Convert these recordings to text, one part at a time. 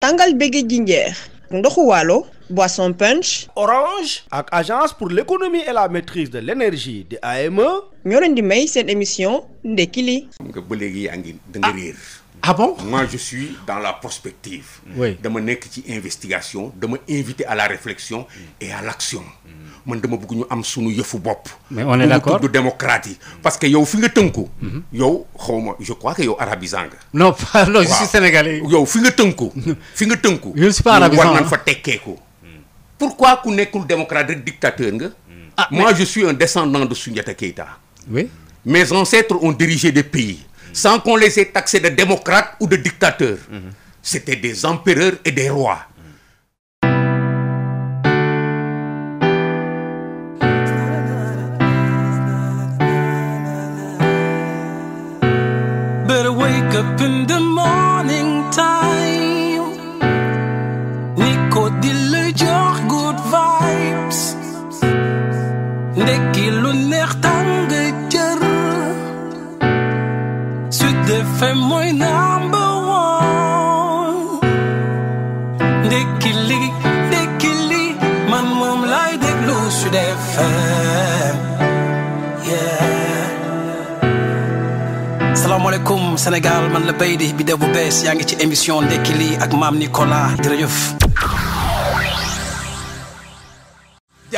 tàngal ji jinjeer ndoxu waalo boisson punch orange ak agence pour l'économie et la maitrise de l'énergie di AME ñoo leen di may seen émission ndekki li xam ba léegi yaa ngi da nga ah. réer ah moi je suis dans la prospective dama nekk ci investigation dama invité à la réflexion et à l'action man ma bëgg ñu am suñu yëfu bopp. mais on est d'accord du parce que yow fi nga tënku. Mhm. yow xaw ma je crois que yow arabisant nga. non pas non je suis yow fi nga tënku. fi nga tënku. je ne suis pas arabisant war nañ fa tekkeeku. pourquoi ku nekkul démocrate rek dictateur nga. ah moi je suis un descendant de Soundiata Keïta. oui mes ancêtres ont dirigé des pays. sans qu'on les ait taxés de démocrates ou de dictateurs. Mhm. c'était des empereurs et des rois. T'es my number one Dékili, dékili Man moom laay déglu Sud FM salaamaaleykum Sénégal man la bay di bi de bu bees yaa ngi ci émission Ndekki li ak maam Nicolas jërëjëf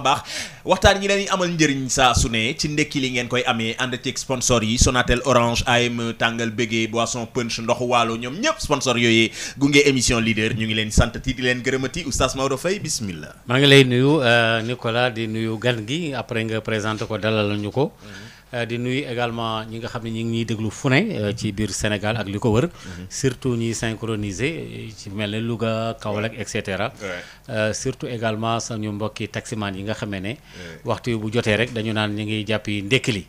baax a baax waxtaan ñi leen amal njëriñ saa su ne ci ndekki li ngeen koy amee ànd ci sponsor yi Sonatel Orange AM e, tàngal bégee boisson punch ndoxu waalo ñoom ñëpp sponsor yooyu gunge émission leader ñu ngi leen sant ti di leen gërëmati oustaz Maodo fay bismillah maa ngi lay nuyu euh, Nicolas di nuyu gan gi après nga présenté ko dalal ñu ko. Mhm. Euh, di nuyu également ñi nga xam ne ñu ngi ñuy déglu fu euh, ci biir Sénégal ak li ko wër. Mhm. surtout ñuy synchroniser ci mel ne Louga Kaolack et cetera. Euh, surtout également suñu mbokki taximaan yi nga xamee ne. waxtu yi bu jotee rek dañu naan ñu ngi jàppi li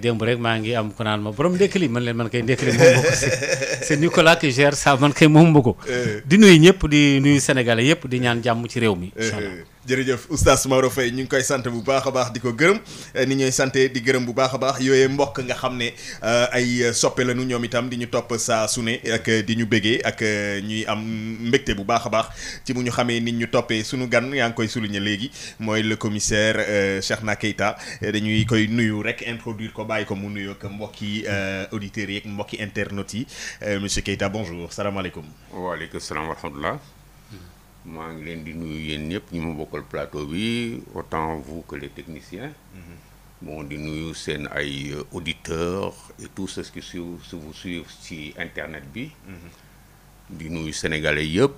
démb rek maa ngi am ku naan ma borom ndékkili mën leen man kay ndékkili moom ma ko si c'est Nicolas qui gère ça man kay moom ma di nuyu ñëpp di nuyu Sénégalais yëpp di ñaan jàmm ci réew mi. jërëjëf oustaz Maodo Faye ñu ngi koy sant bu baax a baax di ko gërëm eh, ni ñooy santé di gërëm bu baax a baax yooyee mbokk nga xam ne eh, ay soppe lañu ñoom itam di ñu topp saa su ne ak eh, di ñu bëggee ak ñuy am mbégte bu baax a baax ci mu ñu xamee nit ñu toppee suñu gan yaa ngi koy souligner léegi mooy le commissaire Cheikhna Keita dañuy koy nuyu rek introduire ko bàyyi ko mu nuyu ak mbokki auditeurs yi ak mbokki internautes yi monsieur Keita bonjour salaamaaleykum. waaleykum salaam wa maa ngi leen di nuyu yéen ñëpp ñu ma bokkal plateau bi autant vous que les moo mm-hmm. bon di nuyu seen ay euh, auditeurs et tous ceux su suivent si vous internet bi. Mm-hmm. di nuyu sénégalais yëpp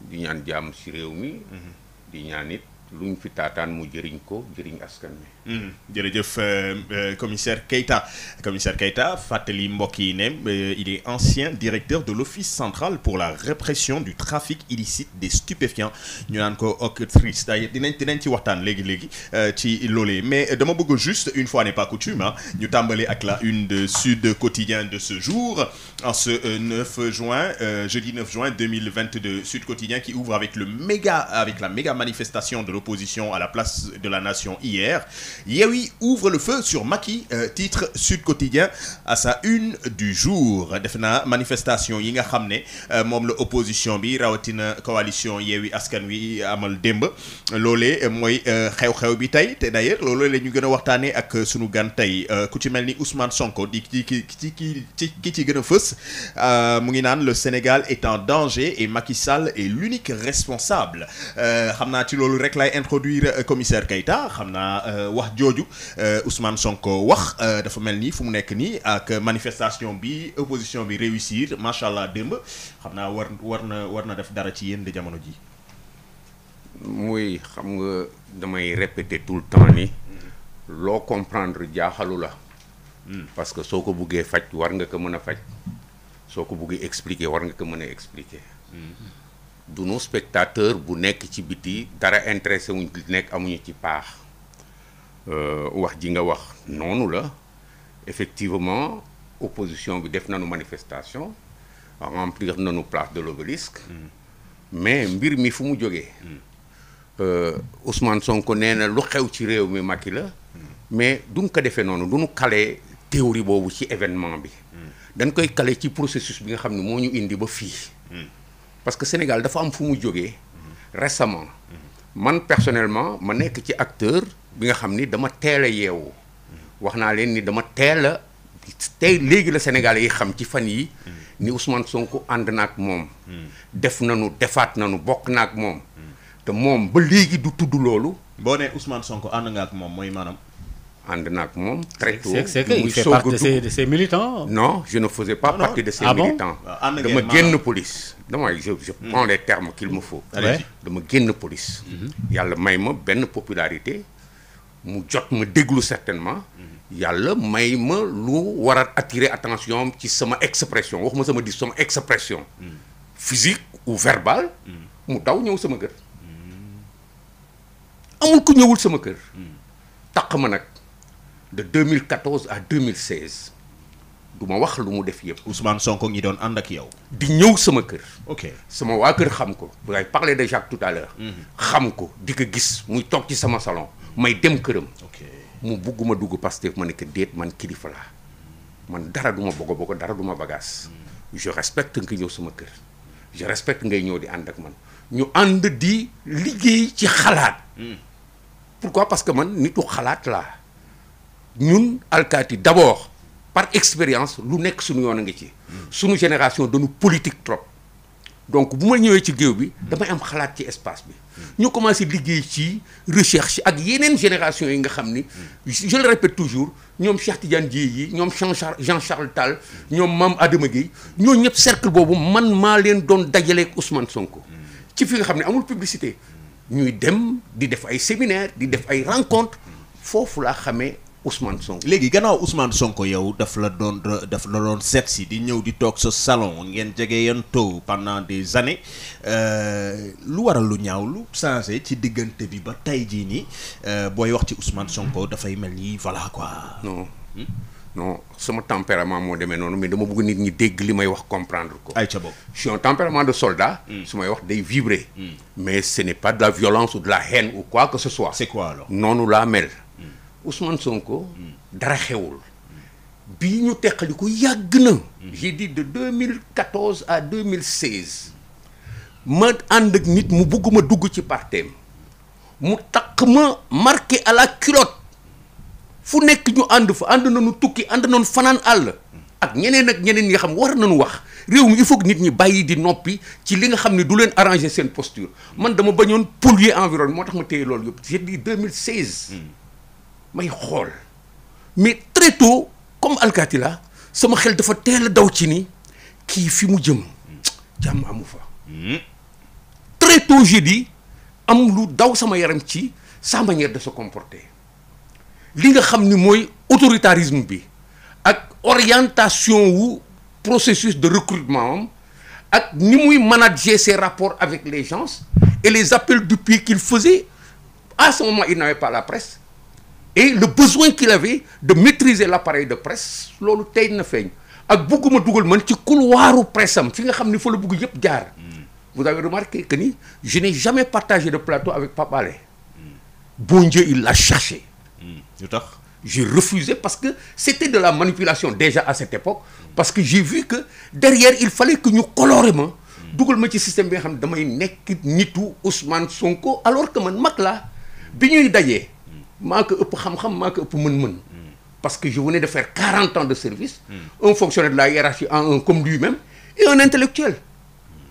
di ñaan jàmm si réew mi. Mm-hmm. di ñaan it luñ fi taataan mu jëriñ ko jëriñ askan wi. Mm. jërëjëf euh, euh, commissaire Keita commissaire Keita fàttali mbokk yi ne euh, il est ancien directeur de l'office central pour la répression du trafic illicite des stupéfiants ñu naan ko OCRTIS dinañ dinañ ci waxtaan léegi léegi ci loolee mais dama bëgg juste une fois n'est pas coutume ah ak la une de Sud Quotidien de ce jour en ce 9 juin jeudi 9 juin 2022 Sud Quotidien qui ouvre avec le méga avec la méga manifestation de l'opposition à la place de la nation hier Yewwi ouvre le feu sur Macky euh, titre Sud Quotidien à sa une du jour def na manifestation yi nga xam ne euh, moom la opposition bi rawatina coalition Yewwi Askan Wi amal démb loole mooy euh, xew-xew bi tey te d'ailleurs loolu la ñu gën a waxtaanee ak sunu gan tey ku ci mel ni Ousmane Sonko di ci ki ci ki ki ci gën a fës mu ngi naan le Sénégal est en danger et Macky Sall est l'unique responsable xam naa ci loolu rek lay introduire commissaire Keïta xam naa wax jooju jooju euh, Ousmane Sonko wax euh, dafa mel ni fu mu nekk nii ak manifestation bi opposition bi réussir macha allah démb xam naa war war na war na def dara ci yéen de jamono ji muy xam nga damay répéter tout le temps ni loo comprendre jaaxalu la. Hmm. parce que soo ko buggee faj war nga ko mën a faj. soo ko buggee expliquer war nga ko mën a expliquer. Hmm. du nu spectateur bu nekk ci biti dara intéressé wuñ nekk amuñu ci paax. Euh, wax ji nga wax noonu la effectivement opposition bi def nañu manifestation remplir nañu place de l'obélisque mm. mais mbir mi fu mu jógee mm. euh, Ousmane Sonko nee na lu xew ci réew mi Macky la mm. mais duñ ko defee noonu duñu caler théorie boobu ci événement bi dañ koy caler ci processus bi nga xam ne moo ñu indi ba fii parce que Sénégal dafa am fu mu jógee récemment man personnellement ma nekk ci acteur bi nga xam ni dama teel a yeewu wax naa leen ni dama teel a tey léegi la Sénégalais yi xam ci fan yi ni Ousmane Sonko ànd na ak moom. def nañu defaat nañu bokk na ak moom. te moom ba léegi du tudd loolu. boo nee Ousmane Sonko ànd nga ak moom mooy maanam ànd naag moom. très tôt c'est que il fait partie de ses de ses militants. non je ne faisais pas ah partie de ces ah militants. Ah, dama génn police. dama je je hmm. les termes qu'il me faut. dama génn police. Mm-hmm. yàlla may ma benn popularité mu jot ma déglu certainement. Mm-hmm. yàlla may ma lu war a attirer attention ci sama expression ma sama dis sama expression. Mm. physique ou verbale. Mm. mu daw ñëw sama kër. Mm. amul ku ñëwul sama kër. taq ma nag. de mille 2014 à 2016 du ma wax lu mu def yëpp. Ousmane Sonko ngi doon ànd ak yow. di ñëw sama kër. ok sama waa kër xam ko. vous avez parlé de Jacques tout mhm. xam ko di ko gis muy toog ci sama salon. may dem këram. ok mu bugguma dugg Pastef ma ne ko déet man kilifa laa man dara du ma bogo bogo dara du ma bagaas. Mhm. je respecte nga ñëw sama kër. je respecte ngay ñëw di ànd ak man ñu ànd di liggéey ci xalaat. Mhm. pourquoi parce que man nitu xalaat laa. ñun alkaati d'abord par expérience lu nekk suñu yoon a ngi ci suñu génération dañu politique trop donc bu ma ñëwee ci géew bi damay am xalaat ci espace bi ñu commencé liggéey ci recherche ak yeneen génération yi nga xam ni je le répète toujours ñoom Cheikh Tidiane Dièye yi ñoom Jean Charles Tall ñoom Mame Adama Guèye ñooñu ñëpp cercle boobu man maa leen doon dajalee dajaleek Ousmane Sonko ci fi nga xam ne amul publicité ñuy dem di def ay séminaire di def ay rencontre foofu laa xamee Ousmane Sonko. léegi gannaaw Ousmane Sonko yow daf la doon daf la doon seet si di ñëw di toog sa salon ngeen jege yan taw pendant des années euh, lu waral lu ñaaw lu changé ci diggante bi ba tey jii nii euh, booy wax ci Ousmane Sonko dafay mel ni voilà quoi. non hmm? non sama tempérament moo demee noonu mais dama bëgg nit ñi dégg li may wax comprendre ko. ay ca boobu je tempérament de solda hmm. su may wax day vibrer. Hmm. mais ce n'est pas de la violence ou de la haine ou quoi que ce soit. c'est quoi alors noonu laa Ousmane Sonko. dara xewul. bi ñu teqali ko yàgg na. j'ai dit de 2014 à 2016. ma ànd ak nit mu bugg dugg ci parteem mu takk ma marqué à la culotte fu nekk ñu ànd fa ànd nañu tukki ànd nañu fanaan àll ak ñeneen ak ñeneen yi xam war nañu wax réew mi il faut que nit ñi bàyyi di noppi ci li nga xam ne du leen arranger seen posture man dama bañoon polluer environnement moo tax ma téye loolu yëpp j'ai dit 2016. may xool mais très tôt comme alkaati la sama xel dafa teel daw ci ni kii fi mu jëm jàmm amu fa. Hmm. très tôt j'ai dit am lu daw sama yaram ci sa manière de sa comporter li nga xam ni mooy autoritarisme bi ak orientation wu processus de recrutement am ak ni muy manager ses rapport avec les gens et les appels du pied qu'il faisait à ce moment il n'avait pas la presse. et le besoin qu'il avait de maîtriser l'appareil de presse loolu tey na feeñ ak bugguma dugal man ci couloiru presse am fi nga xam ni fa la bugg yëpp jaar vous avez remarqué que ni je n'ai jamais partagé de plateau avec Pape Alé bon Dieu il l'a cherché hmm. lu tax j'ai refusé parce que c'était de la manipulation déjà à cette époque parce que j'ai vu que derrière il fallait que ñu coloré ma dugal ma ci système bi xam ne damay nekk nitu Ousmane Sonko alors que man mag laa bi ñuy dajee maa ko ëpp xam-xam maa ko ëpp mën-mën. parce que je venais de faire quarante ans de service. un fonctionnaire de la hiérarchie en un comme lui-même et intellectuel.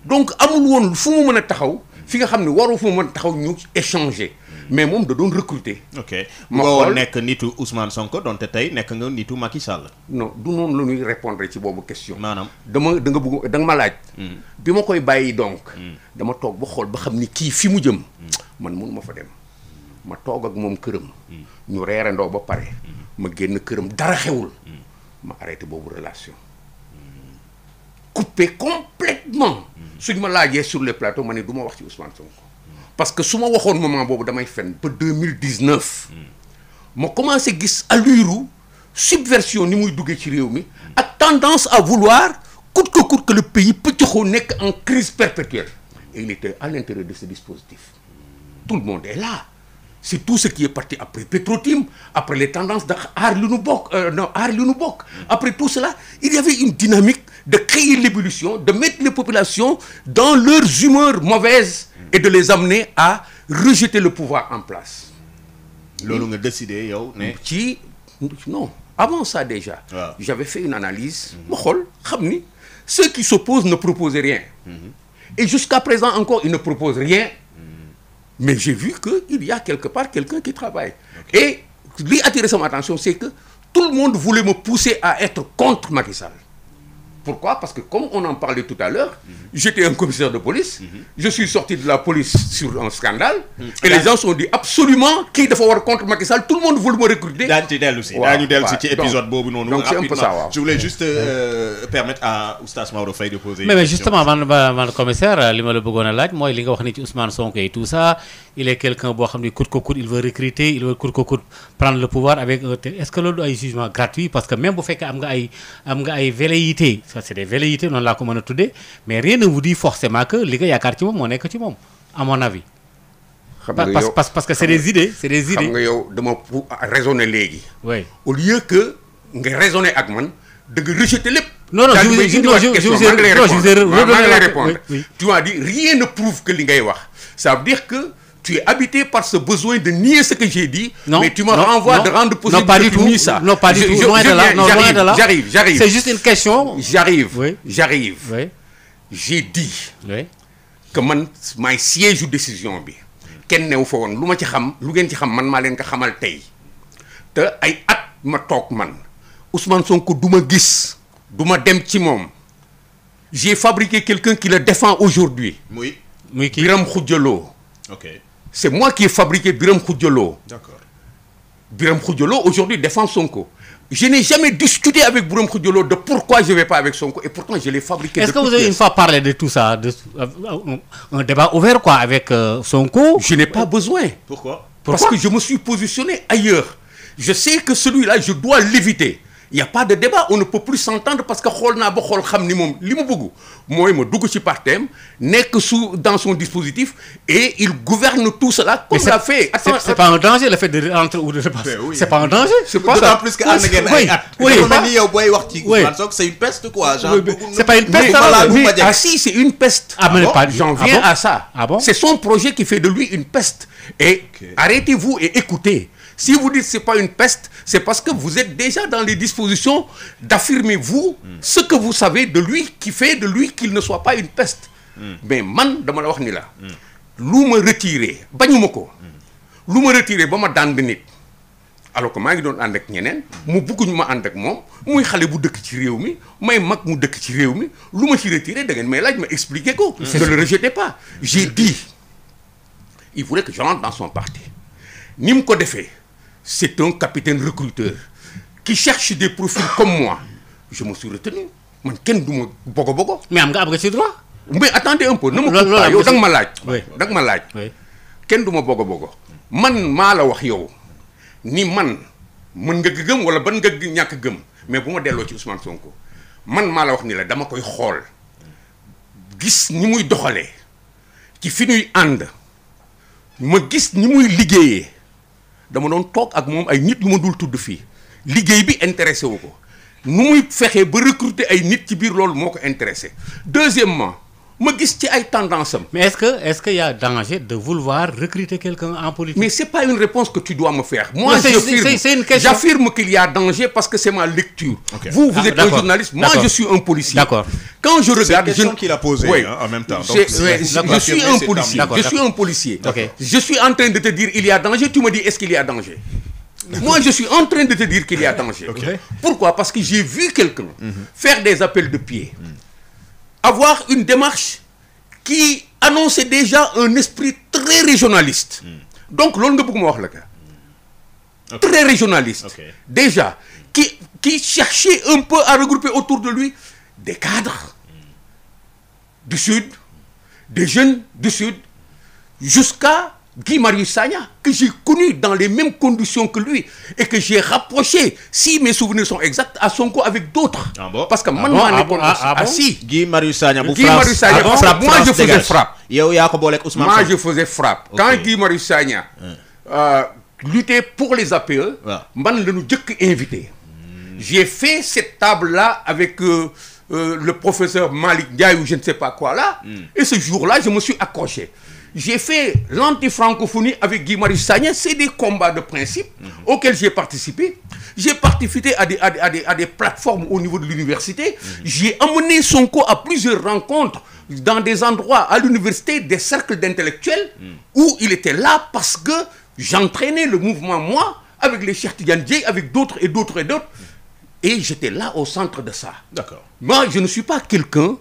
donc amul woon fu mu mën a taxaw. fi nga xam ne waru fu mu mën a taxaw ñu échanger. mais moom da doon recruter. ok ma xool nekk nitu Ousmane Sonko donte tey nekk nga nitu Macky Sall. non du noonu la répondre ci boobu question. maanaam dama danga nga bëgg da nga ma laaj. Hmm. bi ma koy bàyyi donc. Hmm. dama toog ba xool ba xam ni kii fi mu jëm. Hmm. man mënu ma fa dem. ma toog ak moom këram. Hmm. ñu reerandoo ba pare. Hmm. ma génn këram dara xewul. Hmm. ma arrêté boobu relation. coupé complètement suñ ma laajee sur les plateaux ma ne duma ma wax ci Ousmane Sonko. parce que su ma waxoon moment boobu damay fen ba deux mille dix neuf. ma commencé gis allure subversion ni muy duggee ci réew mi. ak tendance à vouloir coûte que coûte que le pays pëccëxoo nekk en crise perpétuelle. et il était à l'intérieur de ce dispositif. tout le monde est là. c'est tout ce qui est parti après Petrotim après les tendances de aar li euh, après tout cela il y avait une dynamique de créer l'évolution de mettre les populations dans leurs humeurs mauvaises et de les amener à rejeter le pouvoir en place loolu nga décidé yow ci non avant ça déjà ah. j'avais fait une analyse ma xool xam ni ceux qui s'opposent ne proposent rien mm -hmm. et jusqu'à présent encore ils ne proposent rien mais j'ai vu que il y a quelque part quelqu'un qui travaille okay. et li attiré sama attention c'est que tout le monde voulait me pousser à être contre Macky Sall Pourquoi Parce que comme on en parlait tout à l'heure, j'étais un commissaire de police, je suis sorti de la police sur un scandale, mm. et les gens sont dit absolument kii dafa war contre Macky tout le monde voulait me recruter. daañu ci dellu de poser. mais mais justement man commissaire euh, li ma la laaj mooy li nga wax ni ci Ousmane Sonko et tout ça il est quelqu'un boo xam ni coûte que coûte prendre le pouvoir avec est-ce que loolu jugement gratuit ça c'est des velléités noonu laa ko mën a tuddee mais rien ne vous dit forcément li nga yaakaar ci moom moo nekk ci moom à mon avis. xam nga que c'est des idées c'est des idées. au lieu que nga raisonner ak man nga rejeter lépp. non non je vous ai je rien ne prouve que li ngay wax ça veut dire que. tu es habité par ce besoin de nier ce que j'ai dit. Non, mais tu me renvoies de rendre possible. Non, pas du tout. Ça. Non, pas du je, tout. Je, loin, J'arrive, j'arrive. J'ai dit. Oui. man maay siège u décision bi. kenn newu fa woon lu ma ci xam lu ngeen ci xam man maa leen ko xamal tey te ay at ma toog man Ousmane Sonko du ma gis du ma dem ci moom j'ai fabriqué quelqu'un qui le défend aujourd'hui muy muy kii Biram Khoudialo ok c'est moi qui ai fabriqué Biram Khoudjolo. D'accord. Biram Khoudjolo aujourd'hui défend Sonko. Je n'ai jamais discuté avec Biram Khoudjolo de pourquoi je ne vais pas avec Sonko et pourtant je l'ai fabriqué. Est-ce que vous avez une de tout ça, de, euh, un débat ouvert quoi avec euh, Sonko? Je n'ai pas besoin. Parce que je me suis positionné ailleurs. Je sais que celui-là, je dois l'éviter. y' a pas de débat on ne peut plus s'entendre parce que xool naa ba xool xam ni moom li mu bëgg mooy ma dugg ci partem nekk sous dans son dispositif et il gouverne tout cela. comme l'a fait attends c'est pas un danger le fait de rentrer ou de repasser. c'est un danger. c'est pas d'autant plus une peste quoi. c'est pas une peste. Ah projet qui fait une peste. et arrêtez-vous et écoutez. Si vous dites c'est pas une peste, c'est parce que vous êtes déjà dans les dispositions d'affirmer vous mm. ce que vous savez de lui qui fait de lui qu'il ne soit pas une peste. Mais man dama la wax ni la. lu ma retiré bañuma ko. lu ma retiré ba ma daan nit. alors que maa ngi doon ànd ak ñeneen mu bëgguñu ma ànd ak moom muy xale bu dëkk ci réew mi may mag mu dëkk ci réew mi lu ma ci retiré da ngeen may laaj ma expliquer ko. ne le rejetez pas. j'ai dit il voulait que je rentre son parti ni mu ko defee. c'est un capitaine recruteur qui cherche des profils comme moi je me suis retenu kenn du ma bogo bogo. mais am nga am nga ci droit. mais attendez un peu. loolu loolu am yow da ma laaj. da nga ma laaj. kenn du ma bogo bogo. man maa la wax yow ni man mën nga gëm wala ban nga ñàkk gëm mais bu ma delloo ci Ousmane Sonko man maa la wax ni la dama koy xool gis ni muy doxalee ci fi ñuy ànd ma gis ni muy liggéeyee. dama doon toog ak moom ay nit yu ma dul tudd fii liggéey bi intéressé wu ko nu muy fexee ba recruter ay nit ci biir loolu moo ko intéressé deuxièmement ma gis ci ay tendance am. mais est-ce que est-ce qu'il y a danger de vouloir recruter quelqu'un en politique. mais c'est pas une réponse que tu dois me faire. j'affirme qu'il y a danger parce que c'est ma lecture. Ah, je suis un policier. je suis un policier je suis en train de te dire qu'il y a danger. Pourquoi? Parce que j'ai vu quelqu'un mhm. faire des appels de pied. Mhm. avoir une démarche qui annonçait déjà un esprit très régionaliste. Hmm. donc loolu nga bëgg ma wax la ka hmm. très régionaliste. Okay. déjà qui qui cherchait un peu à regrouper autour de lui des cadres mm. du sud des jeunes du sud jusqu'à Guy Marius Sagna, que j'ai connu dans les mêmes conditions que lui et que j'ai rapproché, si mes souvenirs sont exacts, à Sonko avec d'autres. Ah bon? Parce que ah man maa ah nekkoon assis. Ah Guy Marius Sagna bu France ah bon? frappe, moi France je faisais frappe. yow yaa ko booleeg Ousmane moi je faisais frappe. Okay. quand Guy Marius Sagna. Euh, luttait pour les APE. Ouais. man la ñu jëkk invité. Mm. j'ai fait cette table là avec. Euh, Euh, le professeur Malick Ndiaye ou je ne sais pas quoi là. Mm. Et ce jour-là, je me suis accroché. j'ai fait l'anti-francophonie avec Guy Marius Sagna c'est des combats de principe mm -hmm. auxquels j'ai participé j'ai participé à des, à des plateformes au niveau de l'université mm -hmm. j'ai amené Sonko à plusieurs rencontres dans des endroits à l'université des cercles d'intellectuels mm -hmm. où il était là parce que j'entraînais le mouvement moi avec les Cheikh Tidiane Dièye avec d'autres et d'autres et j'étais là au centre de ça d'accord moi je ne suis pas quelqu'un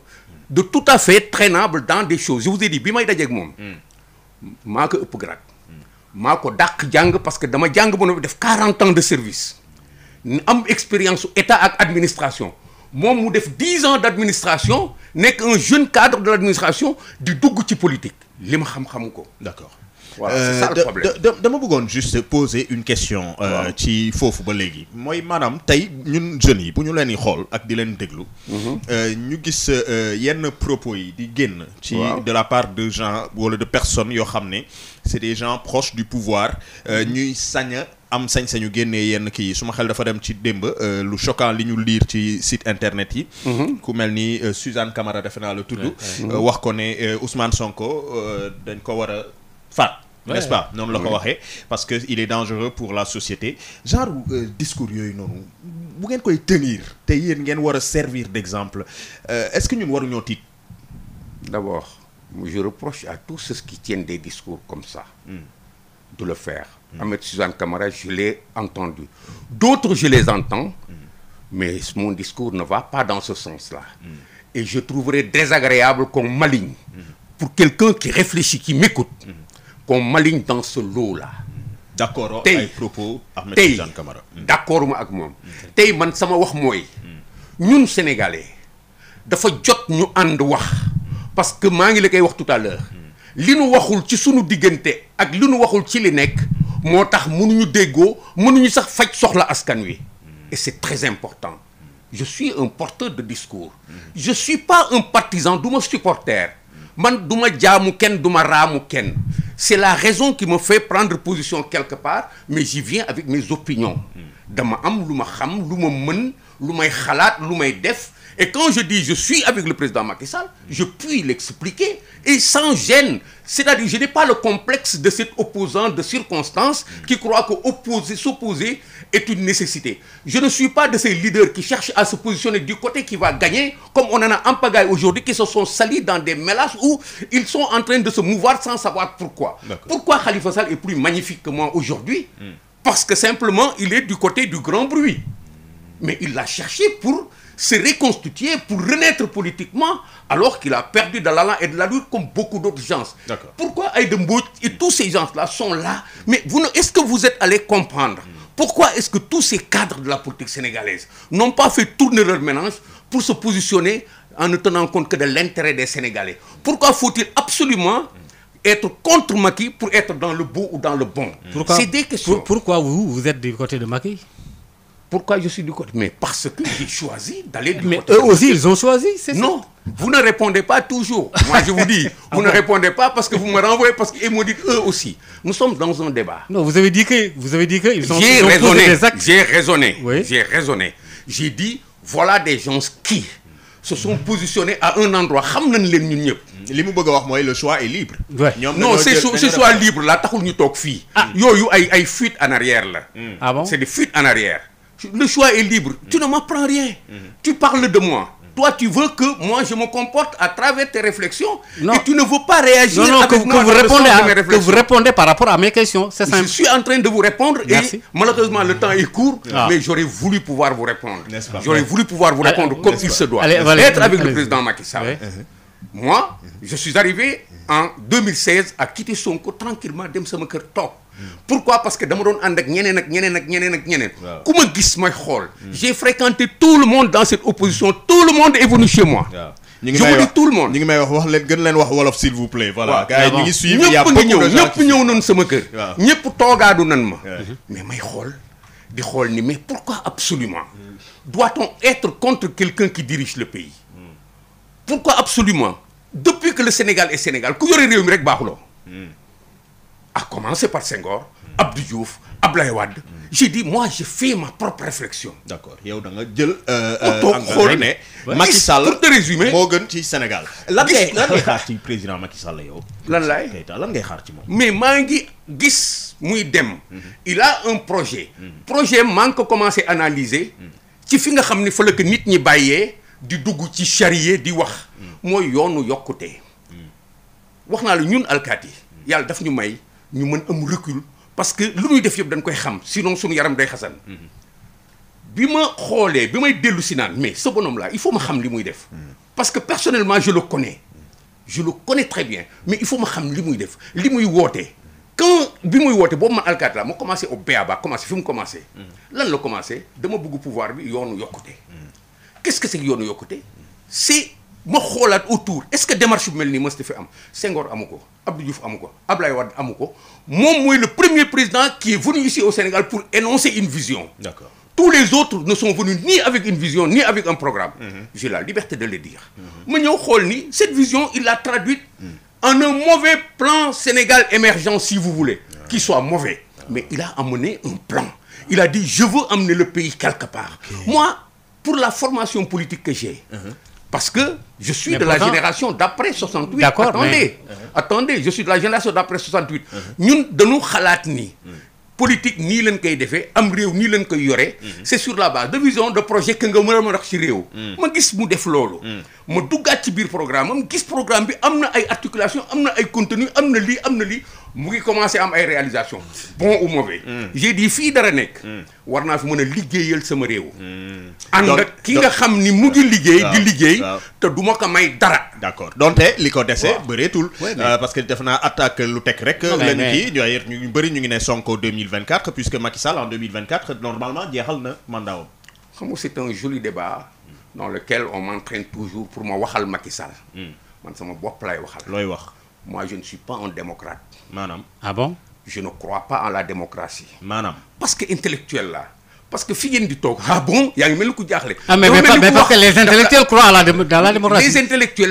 de tout à fait traînable dans des choses je bi may dajeeg moom hmm. maa ko ëpp grade maa ko dàq jàng parce que dama jàng ba noppi def 40 ans de service ñu am expérience su état ak administration moom mu def 10 ans d' administration nekk un jeune cadre de l' administration di dugg ci politique li ma xam-xamu ko d' voilà euh, dama bëggoon juste poser une question. Euh, ci foofu ba léegi. mooy maanaam tey ñun jeunes yi bu ñu leen di xool ak di leen déglu. Mhm. Euh, ñu gis yenn propos yi di génn. ci de la part de gens wala de personne yoo xam ne c'est des gens proches du pouvoir mhm. ñuy saña am sañ-sañu génnee yenn kii yi su ma xel dafa dem ci démb lu choquant li ñu liir ci site internet yi. Mhm. ku mel ni Suzanne Camara defe naa la tudd. wax ko ne Ousmane Sonko dañ ko war a faat. n'est-ce pas noonu la ko waxee parce que il est dangereux pour la société genre euh, discours yooyu noonu bu ngeen koy tenir te yéen ngeen war a servir d'exemple euh, est-ce que ñun waruñoo tiit d'abord je reproche à tous ceux qui tiennent des discours comme ça hmm. de le faire hmm. Ahmed Suzanne Camara je l'ai entendu d'autres je les entends hmm. mais mon discours ne va pas dans ce sens-là et je trouverais désagréable qu'on m'aligne pour quelqu'un qui réfléchit qui m'écoute qu'on m'aligne dans ce lot-là. d'accord ay propos Ahmed Tidiane Camara tey hmm. d'accord ma ak moom. tey man sama wax mooy. ñun sénégalais dafa jot ñu ànd wax parce que maa ngi la koy wax tout à l'heure li nu waxul ci sunu diggante ak li nu waxul ci li nekk moo tax mënuñu déggoo mënuñu sax faj soxla askan wi et c'est très important je suis un porteur de discours je suis pas un partisan du ma supporter man du ma jaamu kenn du ma raamu kenn c'est la raison qui me fait prendre position quelque part mais j'y viens avec mes opinions dama am lu ma xam lu ma mën lu may xalaat lu may def Et quand je dis je suis avec le président Macky Sall, je puis l'expliquer et sans gêne. C'est-à-dire, je n'ai pas le complexe de cet opposant de circonstance qui croit que opposer, s'opposer est une nécessité. Je ne suis pas de ces leaders qui cherchent à se positionner du côté qui va gagner, comme on en a en pagaille aujourd'hui, qui se sont salis dans des mélasses où ils sont en train de se mouvoir sans savoir pourquoi. Pourquoi Khalifa Sall est plus magnifique que moi aujourd'hui mm. Parce que simplement, il est du côté du grand bruit. Mais il l'a cherché pour se reconstituer pour renaître politiquement alors qu'il a perdu de l'allant et de la lutte comme beaucoup d'autres gens. D'accord. Pourquoi Aïda et tous ces gens-là sont là mais est-ce que vous êtes allé comprendre pourquoi est-ce que tous ces cadres de la politique sénégalaise n'ont pas fait tourner leur mélange pour se positionner en ne tenant compte que de l'intérêt des Sénégalais pourquoi faut-il absolument être contre Macky pour être dans le beau ou dans le bon. Pourquoi, c'est des questions. Pour, pourquoi vous, vous Pourquoi je suis du côté Mais parce que j'ai choisi d'aller du mais côté. Mais eux aussi, ils ont choisi, Non, vous ne répondez pas toujours. je vous dis, ah vous ne répondez pas parce que vous me renvoyez, parce qu'ils me dites eux aussi. Nous sommes dans un débat. Non, vous avez dit que vous avez dit qu'ils ont, j'ai raisonné, des actes. se sont positionnés à un endroit. xam nañ leen ñun ñëpp. li mu bëgg wax mooy le choix est libre. non c'est ce choix libre la taxul ñu toog fii. Ah. yooyu ay ay fuite en arrière la. ah bon c'est des fuites en arrière. le choix est libre. Mmh. Tu ne m'apprends rien. Mmh. Tu parles de moi. Mm-hmm. Toi, tu veux que moi, je me comporte à travers tes réflexions non. et tu ne veux pas réagir non, non, avec que, moi que vous répondez à, mes que vous répondez par rapport à mes questions. C'est simple. Je suis en train de vous répondre Merci. et malheureusement, le temps est court, ah. mais j'aurais voulu pouvoir vous répondre. J'aurais voulu pouvoir vous répondre allez, comme il pas. se doit. Allez, allez, Être avec le président Macky Sall. Mmh. moi je suis arrivé en 2016 à quitter Sonko tranquillement dem sama kër toog pourquoi parce que dama doon ànd ak ñeneen ak ñeneen ak ñeneen ak ñeneen ku ma gis may xool j'ai fréquenté tout le monde dans cette opposition tout le monde est venu chez moi ñu ngi tout le monde ñu ngi may wax wax leen gën leen wax wolof s'il vous plaît voilà gars yi nan ma mais may xool di xool ni mais pourquoi absolument doit-on être contre quelqu'un qui dirige le pays hmm. pourquoi absolument depuis que le Sénégal est Sénégal ku yore réew mi rek baaxuloo. Hmm. à commencé par Senghor. Abdou Diouf Ablaye Wade. Hmm. j'ai dit moi j'ai fait ma propre réflexion. d'accord yow da nga jël. Euh, euh, oto xool ne Macky Sall pour te résumer moo gën ci Sénégal. lan ngay xaar ci président Macky Sall yow. lan laay Keita ngay xaar ci moom. mais maa ngi gis muy dem. Hmm. il a un projet. projet maa ngi ko commencé analyser. ci fi nga xam ne fa la que nit ñi bàyyee di dugg ci charie di wax. mooy yoonu yokkute hmm. wax naa la ñun alkaati hmm. yàlla daf ñu may ñu mën am recul parce que lu ñuy def yëpp dañ koy xam si sinon suñu yaram day xasan hmm. bi ma xoolee bi may dellu si naan mais ce bonhomme laa il faut ma xam li muy def parce que personnellement je le connais je le connais très bien mais il faut ma xam li muy def li muy wootee quand bi muy wootee boobu man alkaati la ma commencé au BABA commencé fi mu commencé lan la commencé dama bugg pouvoir bi yoonu yokkute qu'est-ce que c'est yoonu yokkute ma xoolaat autour est-ce que démarche bu mel nii mës na fi am Senghor amu ko Abdou Diouf amu ko Ablaye Wade amu moom mooy le premier président qui est venu ici au Sénégal pour énoncer une vision. D'accord. tous les autres ne sont venus ni avec une vision ni avec un programme. Mm-hmm. j'ai la liberté de le dire. Mm-hmm. ma ñëw xool ni cette vision il l'a traduite. Mm. en un mauvais plan Sénégal émergent si vous voulez. Ah. qu'il soit mauvais. mais il a amené un plan. il a dit je veux amener le pays quelque part. Okay. pour la formation politique que Parce que je suis Mais de la génération d'après 68. D'accord, attendez, uh -huh. attendez, je suis de la génération d'après 68. ñun dañu xalaat ni. politique nii leen koy defee am réew nii leen koy yore. Uh-huh. c'est sur la base de vision de projet que nga mën a wax ci réew. Uh-huh. ma gis mu def loolu. Uh-huh. ma duggaat ci biir programme am gis programme bi am na ay articulation am na ay contenu am na lii am na lii. mu ngi commencé am ay réalisation bon ou mauvais. Hmm. j'ai dit fii dara nekk. Hmm. war naa fi mën a liggéeyal sama réew. Hmm. ànd ak ki nga xam ni mu ngi liggéey. di liggéey te du ma ko may dara. d'accord donte li ko dese. bëreetul euh, parce que def naa attaque lu teg rek. leen kii d'ailleurs ñu bëri ñu ngi ne Sonko 2024 puisque Macky Sall en 2024 normalement jeexal na mandat am. xam nga c'est un joli débat. dans lequel on m'entraîne toujours pour ma waxal Macky Sall. man sama bopp lay waxal. looy wax. moi je ne suis pas un démocrate. maanaam ah je ne crois pas en la démocratie. maanaam parce que intellectuel la parce que fi ngeen di toog ah bon yaa ngi mel ni ku jaaxle. ah mais les intellectuels croient à la dans la démocratie.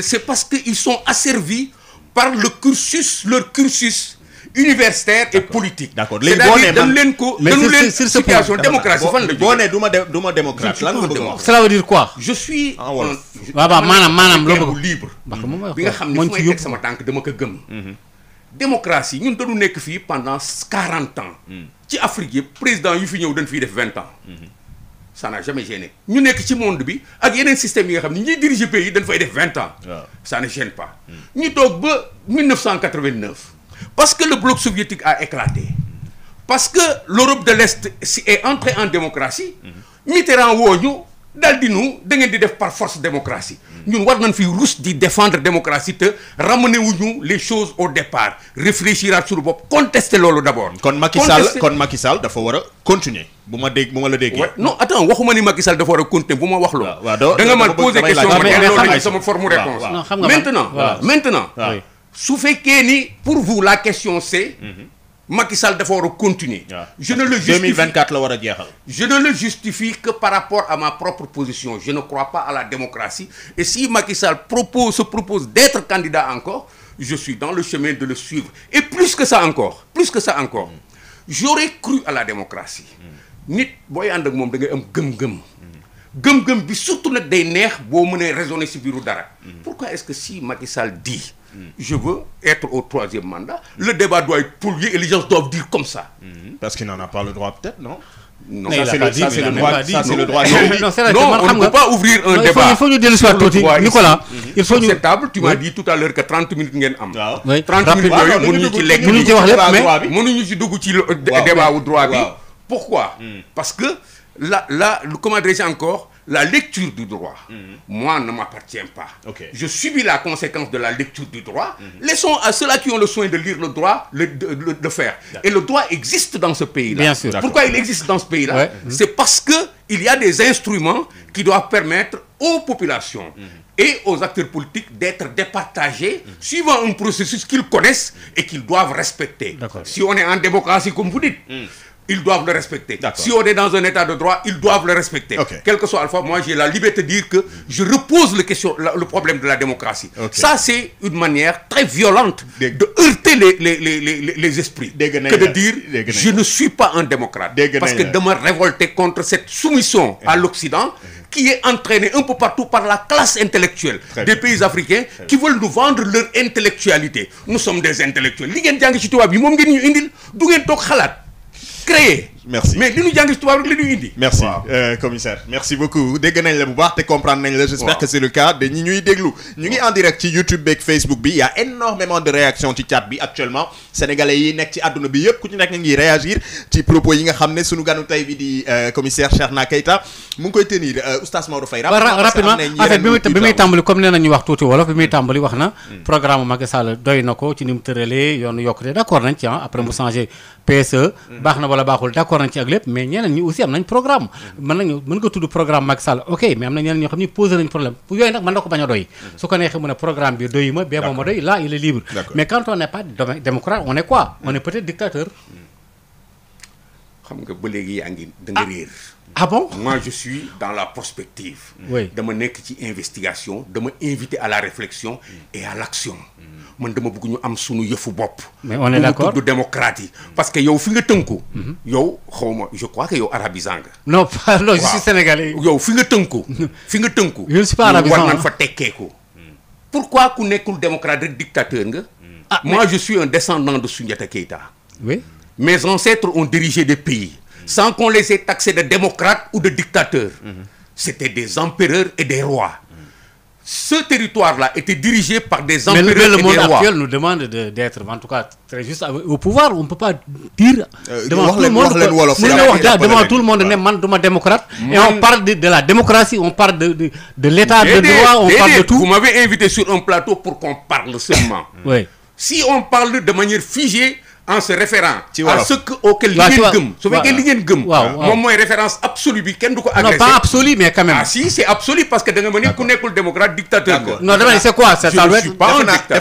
c'est parce que sont asservis par le cursus leur cursus. universitaire et politique. d'accord léegi boo nee man leen ko dañu leen situation démocratie fan la boo a wax cela dire quoi je suis waaw ah, waaw maanaam loo bëgg libre bi nga xam ne fu may teg sama tànk dama ko gëm mhm. démocratie ñun dañu nekk fii pendant quarante ans mhm. ci Afrique yëpp président yu fi ñëw dañ fiy def vingt ans mhm. ça n'a jamais gêné ñu nekk ci monde bi ak yeneen système yi nga xam ne ñuy diriger pays dañ fay def vingt ans ça ne gêne pas ñu toog ba parce que le bloc soviétique a éclaté parce que l'Europe de l'Est si est entrée en démocratie Mitterrand woo ñu daal di nu da di def par force démocratie ñun war nañ fi rus di défendre démocratie te ramener wuñu les choses au départ réfléchir à suñu bopp contester loolu d'abord. kon a continuer bu ma dégg bu ma la déggee. non attends waxuma ni Macky dafa war a continuer bu ma wax loolu. da nga poser question ma delloo la sama forme su fekkee ni pour vous la question c'est mhm. Macky Sall dafa war a continuer je ne le justifie la war a jeexal je ne le justifie que par rapport à ma propre position je ne crois pas à la démocratie et si Macky Sall propose se propose d'être candidat encore je suis dans le chemin de le suivre et plus que ça encore plus que mm. j'aurais cru à la démocratie mm. nit booy ànd ak moom da ngay am gëm-gëm mm. gëm-gëm bi surtout nag day neex boo mënee raisonner si biiru dara pourquoi est-ce que si Macky Sall dit je veux être au troisième mandat. Le débat doit être pollué et les gens doivent dire comme ça. Parce qu'il n'en a pas le droit peut-être, non non, que man xam nga non on ne peut pas ouvrir un débat. il faut ñu dellu si waat tuuti Nicolas. il faut ñu acceptable tu m'as dit tout à l'heure que 30 minutes ngeen am. waaw minutes yooyu mënuñu ci lekk mënuñu ci wax lépp mais débat wu droit bi. pourquoi hmm. parce que là là comment dirais-je encore la lecture du droit, mmh. moi, ne m'appartient pas. Okay. Je subis la conséquence de la lecture du droit. Mmh. Laissons à ceux-là qui ont le soin de lire le droit le, de, le, de faire. Et le droit existe dans ce pays-là. Pourquoi il existe dans ce pays-là ouais. Mhm. C'est parce qu'il y a des instruments qui doivent permettre aux populations mmh. et aux acteurs politiques d'être départagés mmh. suivant un processus qu'ils connaissent et qu'ils doivent respecter. Si on est en démocratie, comme vous dites, mmh. ils doivent le respecter. Si on est dans un état de droit, ils doivent le respecter. Okay. que soit la liberté de dire que je repose le, problème de la démocratie. c'est une manière très violente de, heurter les, les, les, les esprits que de dire je ne suis pas un démocrate. Parce que de me révolter contre cette soumission à eh. l'Occident eh. qui est entraînée un peu partout par la classe intellectuelle très des bien. pays africains très qui veulent nous vendre leur intellectualité. Nous créer. merci mais li ñu jàng ci tubaab li ñu indi. merci euh, commissaire merci beaucoup dégg nañ la bu baax te comprendre nañ la. j'espère wow. que c'est le cas de ñi ci YouTube beeg Facebook bi y a énormément de réactions ci chat bi actuellement sénégalais yi nekk ci àdduna bi yëpp ku ci nekk ngi réagir ci propos yi nga xam ne sunu ganu tey bi di euh, commissaire Cheikhna Keita mu ngi koy tenir euh, oustaz Maodo Faye. rapidement en fait bi muy tàmbali comme nee nañu wax tuuti wolof bi muy mm. tàmbali wax na. Mm. programme Macky Sall doy na ko ci ni mu tëralee yoonu yokkute d'accord nañ ah, PSE. baax na wala baaxul d'accord nañ ci ak lépp mais ñeneen ñi aussi am nañ programme. mën nañu mën nga tudd programme Macky Sall ok mais am na ñeneen ñoo xam ni posé nañ problème yooyu nag mën na ko bañ doy. Mhm. su ko neexee mu ne programme bi doyu ma bee moom ma doy là il libre. mais quand on n'est pas démocrate on est quoi on dictateur. Mhm. xam nga ba léegi yaa ngi da nga ah. réer ah moi je suis dans la prospective dama nekk ci investigation dama invité à la réflexion et à l'action mm. man dama bëgg ñu am sunu yëfu bopp mais on est d'accord du démocrate parce que yow fi nga tënku mm-hmm. yow xawma je crois que yow arabisant nga non pas non je yow fi nga tënku fi nga tënku je ne suis pas arabisant war nañ fa mm. ku nekkul démocrate rek dictateur nga mm. ah moi je suis un descendant de Soundiata Keita mes ancêtres ont dirigé des pays sans qu'on les ait taxés de démocrates ou de dictateurs c'était des empereurs et des rois ce territoire-là était dirigé par des empereurs mais le, mais le monde actuel nous demande d'être de, en tout cas très juste au pouvoir on peut pas dire. Euh, devant tout le monde wax ne man duma démocrate. et on parle de, de la démocratie on parle de de de l'état de droit on parle de tout. vous m'avez invité sur un plateau pour qu'on parle seulement. si on parle en se référant à ce que auquel li moom mooy référence absolue bi kenn du ko agressé non pas absolue mais quand même ah si c'est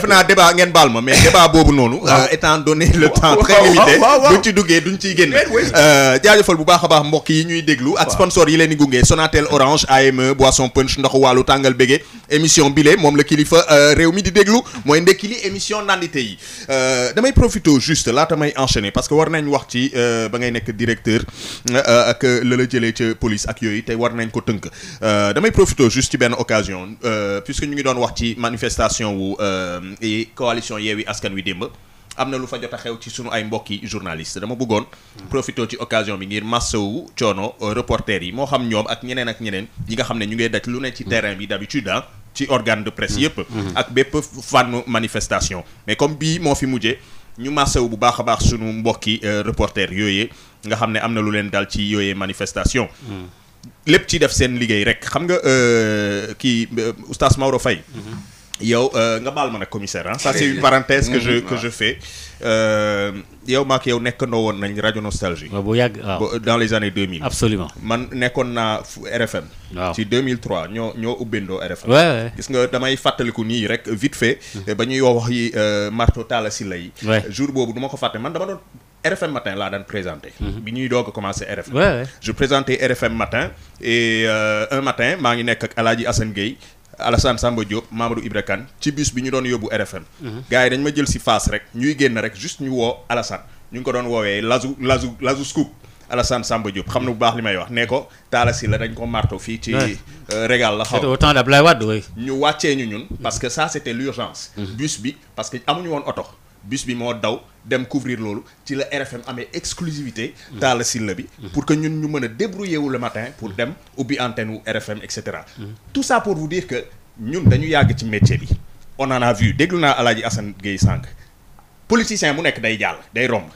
naa débat ngeen baal ma mais débat boobu noonu euh, étant donné le temps très limité duñ duggee duñ ciy génne euh, jaajëfal bu baax a baax mbokk yi ñuy déglu ak sponsor yi leen di gunge Sonatel Orange AME boisson punch ndoxu wàllu tàngal bége émission bile moom la kilifa euh, réew mi di déglu mooy ndekki li émission nandite yi damay profité juste laata may enchaîner parce que war nañ wax ci euh, ba ngay nekk directeur euh, euh, ak la la jëlee ca police ak yooyu te war nañ ko tënk damay profito juste ci benn occasion puisque ñu ngi doon wax ci manifestation wu coalition Yewwi Askan Wi démb am na lu fa jot a xew ci sunu ay mbokki journaliste dama bëggoon profité ci occasion bi ngir massawu coono reporter yi moo xam ñoom ak ñeneen ak ñeneen ñi nga xam ne ñu ngee daj lu ne ci mm. terrain bi d'habitude ah ci organe de presse mm. yëpp mm. ak bépp manifestation mais ñu masawu bu baax a baax sunu mbokki euh, reporter yooyu nga xam ne am na lu leen daal ci yooyu manifestation mm. lépp ci def seen liggéey rek xam nga euh, kii euh, oustaz Maodo Faye mm-hmm. yow euh, nga baal ma nag commissaire ah ça c'est une parenthèse que mm-hmm. je fais euh, yow maak yow nekkandoo woon nañ rajo nostalgie bu yàgg waaw dans les années 2000 absolument man nekkoon naa RFM waaw ci 2003 ñoo ñoo ubbendoo RFM gis nga damay fàttaliku nii rek vite fait mm-hmm. ba ñuy wax yi euh, Marto Talla Sylla yi jour boobu duma ko fàtte man dama doon RFM matin laa daan présenté. Mm-hmm. bi ñuy doog a commencé RFM. je présentais RFM matin et un matin maa ngi nekk ak El Hadji Assane Gueye Alassane Samba Diop Mamadou Ibra Kane ci bus bi ñu doon yóbbu RFM gars yi dañ ma jël si face rek ñuy génn rek juste ñu woo Alassane ñu ngi ko doon woowee lazu lazu lazu scoop Alassane Samba Diop xam na bu baax li may wax ne ko Talla la dañ ko marto fii ci euh, régal la xaw c'était au temps d'Abdoulaye Wade ñu wàccee ñu ñun parce que ça c'était l'urgence mm-hmm. bus bi parce que amuñu woon oto bus bi moo daw dem couvrir loolu ci la RFM amee exclusivité taala silla bi pour que ñun ñu mën a débrouiller wu le matin pour dem ubbi antenne wu RFM et cetera tout ça pour vous dire que ñun dañu yàgg ci métier bi on en a déglu naa Alaaji Assane Gueye sànq politicien bu nekk day jàll day romb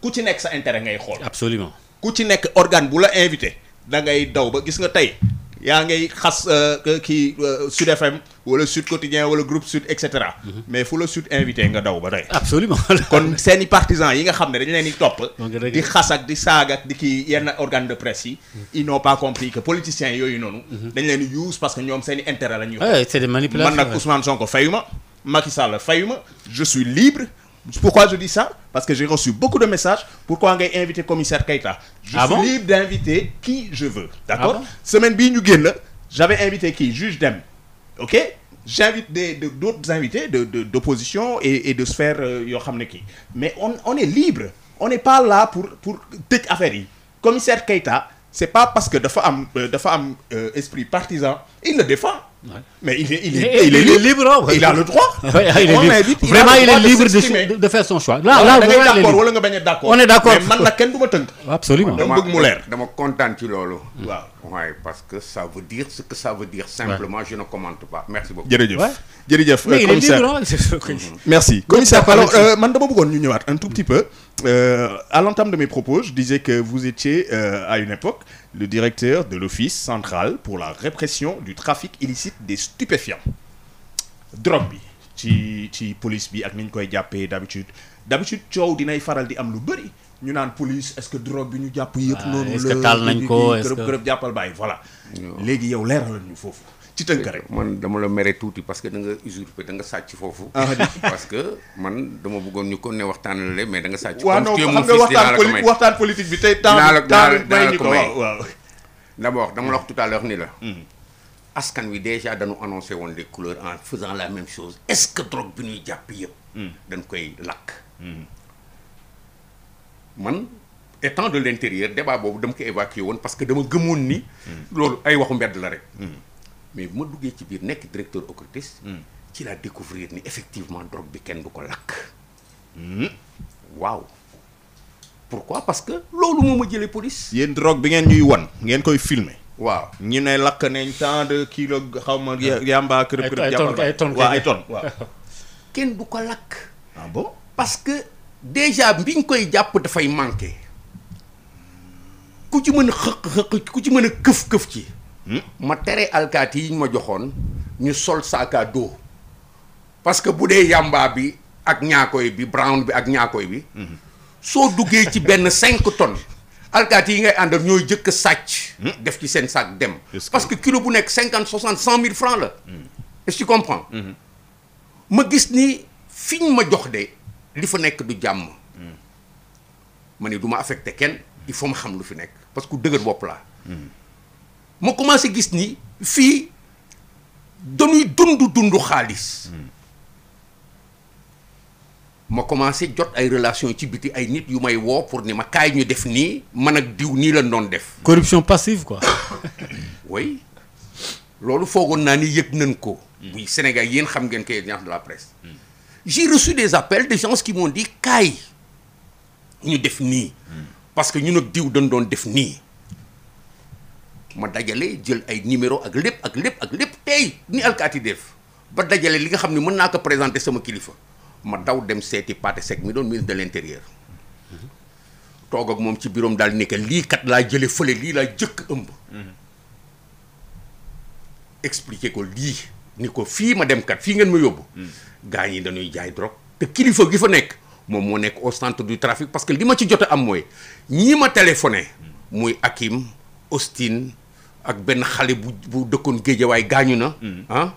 ku ci nekk sa intérêt ngay xool absolument ku ci nekk organe bu la invité da ngay daw ba gis nga tey yaa ngay xas euh, kii euh, Sud FM wala Sud Quotidien wala groupe Sud et cetera. Mhm. mais fu la Sud invité nga daw ba tey. absolument kon seen i partisans yi nga xam ne dañ leen di topp. di xas ak di saag ak di kii yenn organe de presse yi. Mhm. ils n'ont pas compris que politiciens yooyu noonu. Mhm. dañ leen di use parce que ñoom seen i intérêt la ñuy. c'est des manipulations man nag Ousmane Sonko fayuma Macky Sall fayuma je suis libre. pourquoi je dis ça parce que j'ai reçu beaucoup de messages pourquoi ngay invité commissaire Keita je ah suis bon? Ah ñu génn j'avais invité qui juge Dème ok j'invite des de d'autres invités de de d'opposition et et de sphère euh, yoo xam ne kii mais on on est libre on n'est pas là pour pour tëj affaire yi commissaire Keita c'est pas parce que dafa am euh, dafa am euh, esprit partisan il le défend Ouais. Mais il est, il est, il est, il est libre. libre il a le droit. Ouais, il est libre. Dit, il vraiment, il est libre de, faire son choix. Là, là, vraiment, il est libre. On est d'accord. Mais man, kenn du ma tënk. Absolument. dama bëgg mu leer. dama kontaan ci loolu. waaw parce que ça veut dire ce que ça veut dire. simplement je ne commente pas merci beaucoup. jërëjëf waay jërëjëf. commissaire mais il merci commissaire alors euh, man dama bëggoon ñu ñëwaat un tout petit peu. Euh, à l'entame de mes propos, je disais que vous étiez euh, à une époque le directeur de l'Office central pour la répression du trafic illicite des stupéfiants. drop bi ci ci police bi ak ni ñu koy jàppee d'habitude d'habitude coow dinay faral di am lu bëri ñu naan police est-ce que drogue bi ñu jàpp yëpp ah, noonu la est-ce que taal nañ ko est-ce que gërëb gërëb jàppal bàyyi voilà léegi yow leeralal ñu foofu ci tënk rek man dama la mere tuuti parce que da nga usurpé da nga sàcc foofu. Ah, parce que man dama bëggoon ñu ko ne waxtaan la mais da nga sàcc. comme non xam nga waxtaan tey. temps la ko ko may waaw d'abord dama la wax tout à l'heure ni la. Hmm. askan wi déjà dañu annoncé woon les couleurs en faisant la même chose est que drogue bi ñuy jàpp yëpp. Hmm. dañ koy lakk. Hmm. man étant de l'intérieur débat boobu dama ko évacué woon parce que dama gëmoon ni. loolu ay waxu mbedd la rek. mais bu ma duggee ci biir nekk directeur OCRTIS. Hmm. ci laa découvrir ni effectivement drogue bi kenn du ko lakk. Hmm. waaw. pourquoi parce que loolu moom ma jëlee police. yéen drogue bi ngeen ñuy wan ngeen koy filmer waaw ñu ne lakk nañ tant de kilos xaw ma. yamba kërëb kërëb jàppal ay tonnes ay ton waaw kenn du ko lakk. ah bon parce que déjà biñ koy jàpp dafay manqué ku ci mën a xëq xëq ku ci mën a këf këf ci. Hmm? ma tere alkaati yi ñu ma joxoon ñu sol sac à dos parce que bu dee yamba bi ak ñaakoy bi brown bi ak ñaakoy bi hmm. soo duggee ci benn cinq tonnes alkaati yi ngay àndal ñooy jëkk sàcc hmm? def ci seen sac dem parce que kilo bu nekk cinquante soixante cent mille francs la ma gis ni fiñ ma jox de li fa nekk du jàmm ma ne du ma affecté kenn il faut ma xam lu fi nekk parce que dëgër bopp laa ma commencé gis ni fii dañuy dund dundu xaalis ma commencé jot ay relation ci biti ay nit yu may woo pour ni ma kaay ñu def nii man ak diw nii la doon def. corruption passive quoi. oui loolu foogoon naa ni yëg nañ ko. buy mm. Sénégal yéen xam ngeen ko agence de la presse. Mm. j'ai reçu des appels de gens qui m'ont dit kaay ñu def nii. Mm. parce que ñun ak diw dañ doon def nii. ma dajale jël ay numéro ak lépp ak lépp ak lépp tey ni alkaati def ba dajale li nga xam ne mën naa ko présenter sama kilifa ma daw dem seeti Pathé Seck mi doon ministre de l'intérieur toog ak moom ci biroom daal ni lii kat laa jële fële lii laa jëkk ëmb expliquer ko lii ni ko fii ma dem kat fii ngeen ma yóbbu gaa yi dañuy jaay drogue te kilifa gi fa nekk moom moo nekk au centre du trafic parce que li ma ci jot am mooy ñii ma téléphoné muy Akim Austin ak benn xale bu bu dëkkoon waaye gaañu na. Hmm. ah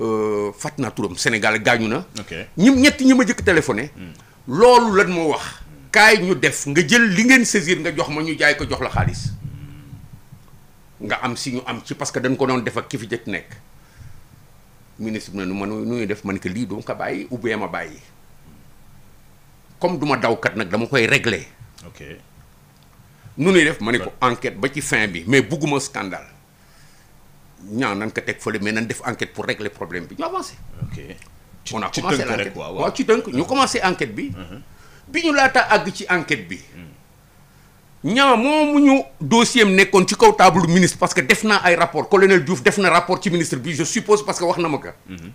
euh, fàtt naa turam Sénégal gaañu na. ok ñetti ñi ma jëkk téléphone hmm. loolu lan moo wax. kaay ñu def nga jël li ngeen saisir nga jox ma ñu jaay ko jox la xaalis hmm. nga am si ñu am ci parce que dañ ko doon def ak ki fi jëkk nekk ministre bi ne ma nu ñuy def man ko lii duma ko bàyyi ou bien ma bàyyi comme duma dawkat nag dama koy régler. nu nuy def ma ne ko enquête ba ci fin bi mais bugguma scandale ñaaw nan ka teg fële mais nan def enquête pour régler problème bi ñu avancé. ok on a commencé l'enquête waaw ci tënk ñu commencé enquête bi. Mhm. bi ñu laata àgg ci enquête bi. Mm. ñaa moomu ñu dossier am nekkoon ci kaw table ministre parce que def naa ay rapport colonel Diouf def na rapport ci ministre bi je suppose parce que wax na ma ko. Mhm.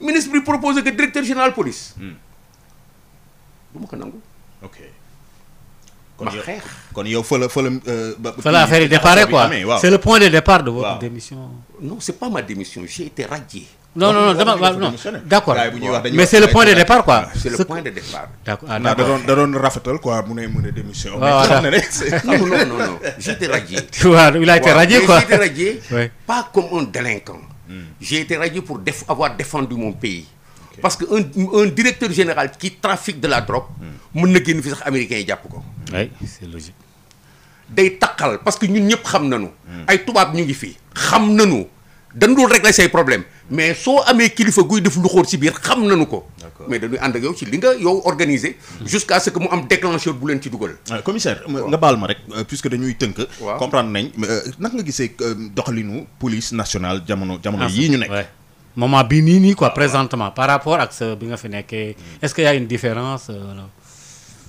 ministre bi proposé que directeur général police. Mm. du ma ko nangu. wax xeex kon yow fa la fa la. Euh, fa la affaire yi départ quoi c' le point de départ de votre démission. non c' pas ma démission j'ai été radié. non non non dama mais c' le point de départ quoi. c' le point de départ. d' ah, ah, da doon da doon mu ne démission. waaw ah, été radié. pas comme un délinquant. Hmm. j'ai été radié pour avoir défendu mon pays. parce que un un directeur général qui trafique de la trop mën na génn fi sax américains yi jàpp ko. oui c'est logique. day taqal parce que ñun ñëpp xam nañu. ay tubaab ñu ngi fii xam nañu dañu dul régler say problème mais soo amee kilifa guy def lu xóor si biir xam nañu ko. mais dañuy ànd ak yow ci li nga yow organisé. Mm-hmm. jusqu'à ce que mu am déclencheur bu leen ci dugal. Euh, commissaire nga baal ma rek euh, que dañuy tënk. comprendre nañ euh, naka nga gisee doxalinu police nationale jamono jamono ah, yii ñu nekk. moment bii nii nii quoi présentement par rapport ak sa bi nga fi nekkee est-ce qu'il y a une différence euh,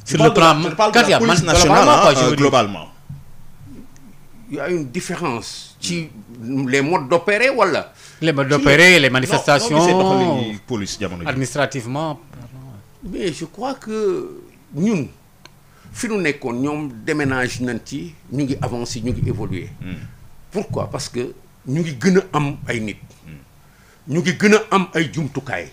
sur le plan quand il y a police nationale euh, globalement il y a une différence ci les modes d'opérer wala les modes d'opérer les manifestations police jamono administrativement mais je crois que ñun fi ñu nekkoon ñoom déménage nañ ci ñu ngi avancer ñu ngi évoluer hmm. pourquoi parce que ñu ngi gën a am ay nit hmm. ñu ngi gën a am ay jumtukaay.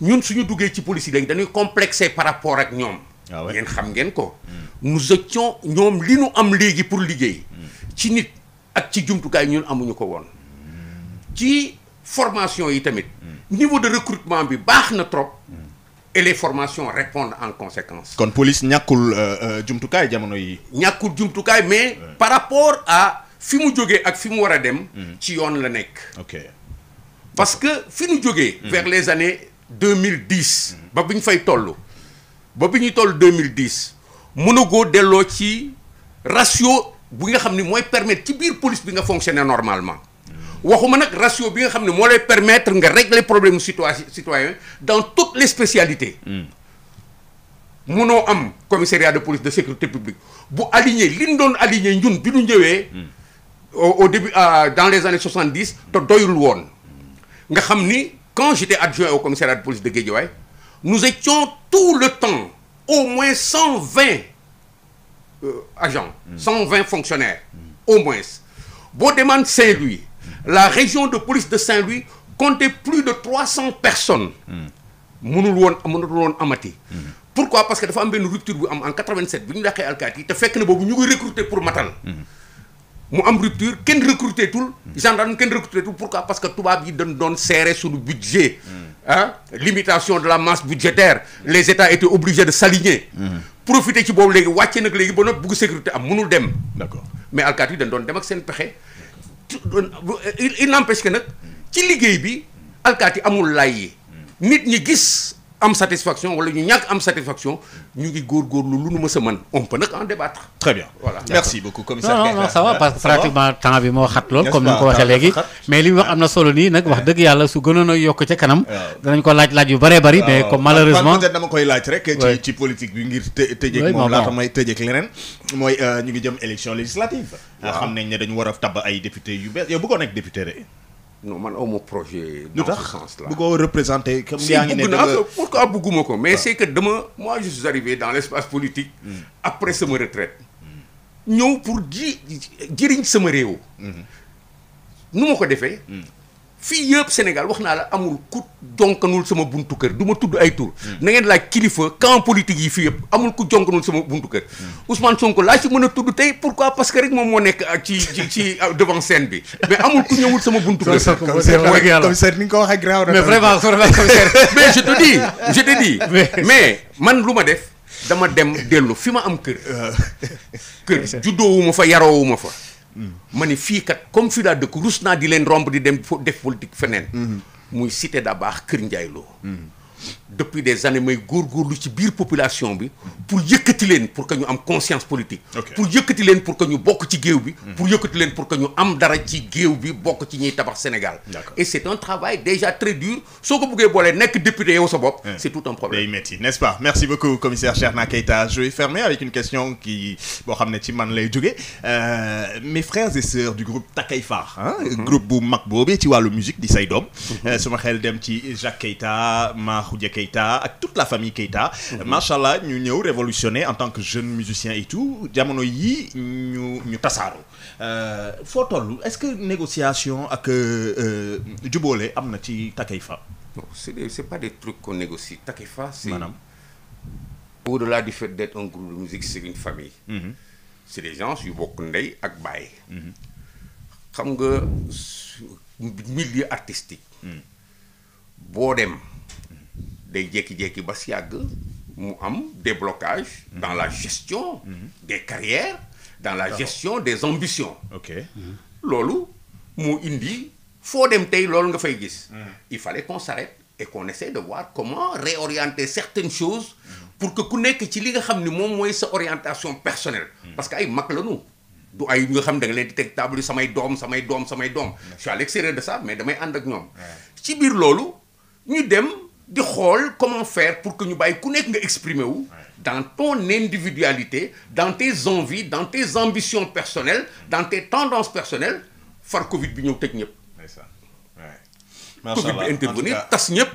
ñun suñu duggee ci police yi léegi dañuy complexé par rapport ak ñoom. waaw ah ngeen xam ngeen ko. Hmm. nous étions ñoom li nu am léegi pour liggéey. Hmm. ci nit ak ci jumtukaay ñun amuñu ko woon. Hmm. ci formation yi tamit. niveau de recrutement bi baax na trop. et les formations répondent en conséquence. kon police ñàkkul euh, euh, jumtukaay jamono yi. ñàkkul jumtukaay mais. par rapport à fi mu jógee ak fi mu war a dem. ci yoon la nekk. parce que fi ñu jógee. vers les années deux mille dix. ba bi ñu fay toll. ba bi ñuy toll deux mille dix mënagoo delloo ci ratio bi nga xam ni mooy permetre ci biir police bi nga fonctionner normalement. waxuma nag ratio bi nga xam ne moo lay permettre nga régler problème citoyen citoyen dans toutes les spécialités. munoo am commissariat de police de sécurité publique bu aligné li ñu doon aligné ñun bi ñu ñëwee. au début euh, dans les années soixante dix te doyul woon. nga xam ni quand j'étais adjoint au commissariat de police de Guédiawaye nous étions tout le temps au moins cent vingt euh, agents mm. cent vingt fonctionnaires au moins boo demande Saint-Louis la région de police de Saint-Louis comptait plus de trois cents personnes mm. mënul woon mënul woon amati mm. pourquoi parce que dafa am benn rupture bu am en 87 bi ñu dàqee alkaati yi te fekk na boobu ñu ngi pour matal mu am rupture kenn recruté tul gendarme kenn recruté tul pourquoi parce que tubaab yi dañ doon serré suñu budget ah limitation de la masse budgétaire les états étaient obligés de s'aligner hmm. profité ci boobu léegi wàcce nag léegi ba noppi bugg sécurité am mënul dem d'accord mais alkaati yi dañ doon dem ak seen pexe euh, il n'empêche que nag ci liggéey bi alkaati amul lay yi hmm. nit ñi gis am satisfaction wala ñu ñàkk lu a mu wax am na solo nii nag wax dëgg yàlla su gënoon a yokk ca kanam. danañ ko laaj laaj yu bëree bëri. mais comme malheureusement dama koy laaj rek. ci ci bi ngir të tëjeeg moom laata may tëjeeg leneen. mooy euh, ñu ngi jëm élection législative. waaw xam nañ ne dañu war a tabb ay député yu bees yow bëggoon nekk député de no man aw ma projet. lu tax bu ko représenté. comme yaa ngi ne dama pourquoi bugguma ko mais c' que dama moi je suis arrivé dans l' espace politique. Mm. après sama retraite. ñëw pour ji jëriñ sama réew. Mm-hmm. nu ma ko defee. Mm. fii yëpp Sénégal wax naa la amul ku jonkanul sama buntu kër du ma tudd ay tur. Hmm. na ngeen laaj kilifa camp politique yi fii yëpp amul ku jonkanul sama buntu kër. Hmm. Ousmane Sonko laa ci mën a tudd tey pourquoi parce que rek moom moo nekk ah, ci ci ci ah, devant scène bi mais amul ku ñëwul sama buntu kër. commissaire ni nga ko waxee graaw na. mais vraiment vraiment mais je te dis je te dis. mais man lu ma def. dama dem dellu fi ma am kër. Euh. kër juddoowuma fa yaroowuma fa. ma ni fii kat comme fii laa dëkk rus naa di leen romb di dem def politique feneen. Mhm. muy cité da baax Kër Ndiaye Lo. Mhm. depuis des années may góorgóorlu ci biir population bi pour yëkkati leen pour que ñu am conscience politique pour yëkkati leen pour que ñu bokk ci géew bi pour yëkkati leen pour que ñu am dara ci géew bi bokk ci ñuy tabax Sénégal et c'est un travail déjà très dur soo ko bëggee boolee nekk député yow sa bopp c'est tout un problème merci beaucoup commissaire Cheikhna Keita je fermer avec une question qui boo xam ne ci man lay jóge euh, mes frères et sœurs du groupe Takay Far mhm. groupe bu mag boobee ci wàllu musique di say doom euh, suma xel dem ci Jacques Keita Makhoudia Keita ak toute la famille Keita. Mhm. macha allah ñu ñëw révolutionner en tant que jeune musicien et tout jamono yii ñu ñu tasaaru euh, foo toll est-ce que négociation ak euh, euh, jubóole am na ci Takeifa. non c'est des pas des trucs qu'on négocie Takeifa c'est maanaam. au-delà du fait d'être un groupe de musique c'est une famille. Mm-hmm. c'est des gens yu bokk ndey ak baay. Mhm. xam nga milieu artistique. Mhm. boo dem. day jékki-jékki ba si àgg mu am déblocage mhm. dans la gestion mhm. des carrières dans la gestion des ambitions ok mhm. loolu mu indi foo dem tey loolu nga fay gis il fallait qu'on s'arrête et qu'on essaie de voir comment réorienter certaines choses pour que ku nekk ci li nga xam ni moom mooy sa orientation personnelle parce que ay mag la ñu du ay nga xam da nga leen di teg table samay doom samay doom samay doom je suis à l'extérieur de ça mais damay ànd ak ñoom ci biir loolu ñu dem di xool comment faire pour que ñu bàyyi ku nekk nga exprimer wu dans ton individualité dans tes envies dans tes ambitions personnelles dans tes tendances personnelles far Covid bi ñëw tëj ñëpp. macha allah Covid bi tas ñëpp.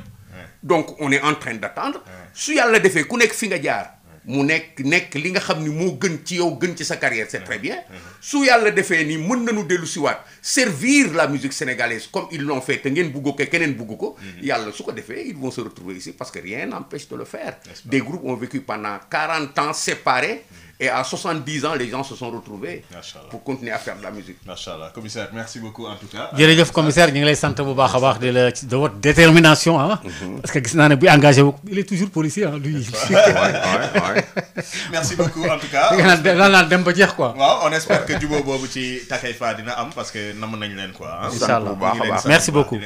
donc on est en train d'attendre su yàlla defee ku nekk fi nga jaar. mu nekk nekk li nga xam ni moo gën ci yow gën ci sa carrière c'est très uh-huh. bien uh-huh. su yàlla defee ni mën nañu dellu siwaat servir la musique sénégalaise comme ils l'ont fait te ngeen bugg ko keneen bugg ko uh-huh. yàlla su ko defee ils vont se retrouver ici parce que rien n'empêche de le faire des groupes ont vécu pendant 40 ans séparés Et en tout cas. a de votre détermination mhm. parce que gis naa ne bu engagé wu il est toujours policier en dem ba jeex quoi. on espère que jubóo boobu ci Takeifa dina am parce que nam nañ leen quoi. merci beaucoup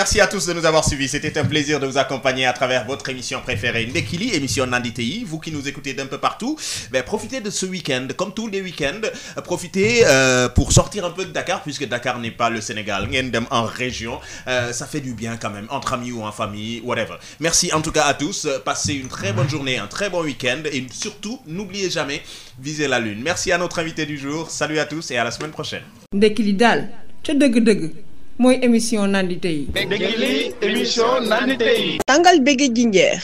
merci à tous de nous avoir suivis c'était un plaisir de vous accompagner à travers votre émission préférée Ndekili émission Nandite vous qui nous écoutez d'un peu partout. partout, ben, profitez de ce week-end, comme tous les week-ends, euh, euh, pour sortir un peu de Dakar, puisque Dakar n'est pas le Sénégal, en région, euh, ça fait du bien quand même, entre amis ou en famille, whatever. Merci en tout cas à tous, passez une très bonne journée, un très bon week et surtout, n'oubliez jamais, visez la lune. Merci à notre invité du jour, salut à tous et à la semaine prochaine. mooy émission nandite yi. ndekki li émission nandite yi. tàngal bége jinjeer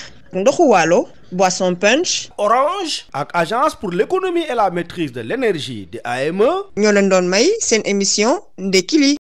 Boisson Punch. Orange. ak agence pour l'économie et la maîtrise de l'énergie di AME. ñoo leen doon may seen émission ndekki li.